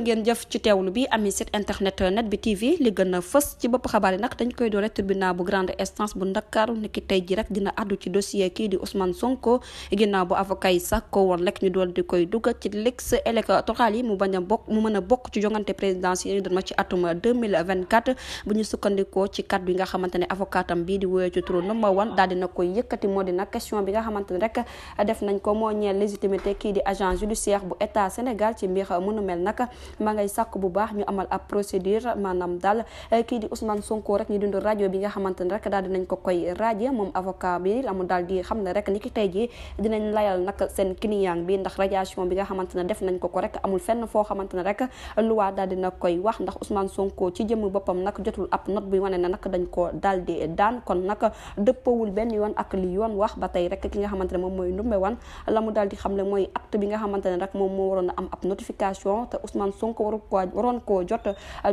ngeen jëf ci teewlu bi ami site internet net bi tv li gën a fës ci bopp xabaar yi nag dañ koy doore tribunal bu grande instance bu ndakaaru niki tey ji rek dina addu ci dossier kii di Ousmane Sonko ginnaaw bu avocat yi sax ko woon rek ñu doon di koy dugal ci liste électorale yi mu bañ a bokk mu mën a bokk ci jongante présidentielle yi dama ci atum 2024 bu ñu sukkandikoo ci kàddu yi nga xamante ne tam bii di woyee ci turu number one daal dina koy yëkkati moo na question bi nga xamante ne rek def nañ ko moo ñeel légitimité kii di agent judiciaire bu état Sénégal ci mbir nu mel nag maa ngay sàkk bu baax ñu amal ab procédure maanaam daal eh, kii di Ousmane Sonko rek ñu dund rajo bi nga xamante ne rek daal dinañ ko koy raje moom avocat bi daal di xam ne rek ni ki tey jii dinañ layal nag seen client bi ndax radiation bi nga xamante ne def nañ ko ko rek amul fenn foo xamante ne rek luwaa daal dina koy wax ndax Ousmane Sonko ci jëmm boppam nag jotul ab note bi wane na nag dañ ko daal di daan kon nag dëppawul benn yoon ak li yoon wax ba tey rek ki nga xamante ne moom mooy ndumbe wan la daal di xam ne mooy acte bi nga xamante ne rek moom moo waroon a am ab notification te Ousmane Ousmane Sonko waru ko waroon koo jot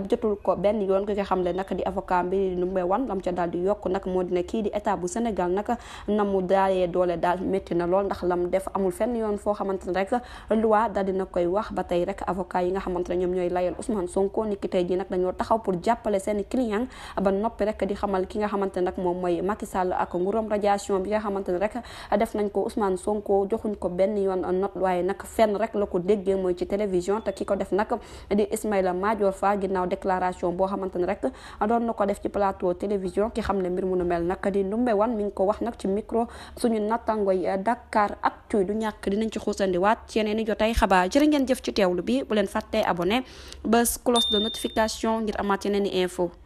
jotul ko benn yoon ki nga xam ne nag di avocat bi numbe wan lam ca daal di yokk nag moo dina kii di état bu Sénégal nag na mu daalee doole daal métti na lool ndax lam def amul fenn yoon foo xamante ne rek loi daal dina koy wax ba tey rek avocat yi nga xamante ne ñoom ñooy layal Ousmane Sonko niki tey ji nag dañoo taxaw pour jàppale seen client ba rek di xamal ki nga xamante ne nag moom mooy Macky Sall ak nguuram radiation bi nga xamante ne rek def nañ ko Ousmane Sonko joxuñ ko benn yoon not waaye nag fenn rek la ko déggee mooy ci télévision te ki ko def nag nag di Ismaïla Madior Fall ginnaaw déclaration boo xamante ne rek doon na ko def ci plateau télévision ki xam ne mbir mu nu mel nag di ndumbe wan mi ngi ko wax nag ci micro suñu nattangoy Dakar Actu du ñàkk dinañ ci xuusandiwaat ci yeneen i jotay xabaar jërë ngeen jëf ci teew teewlu bi bu leen fàttee abonné bés cloche de notification ngir amaat yeneen i info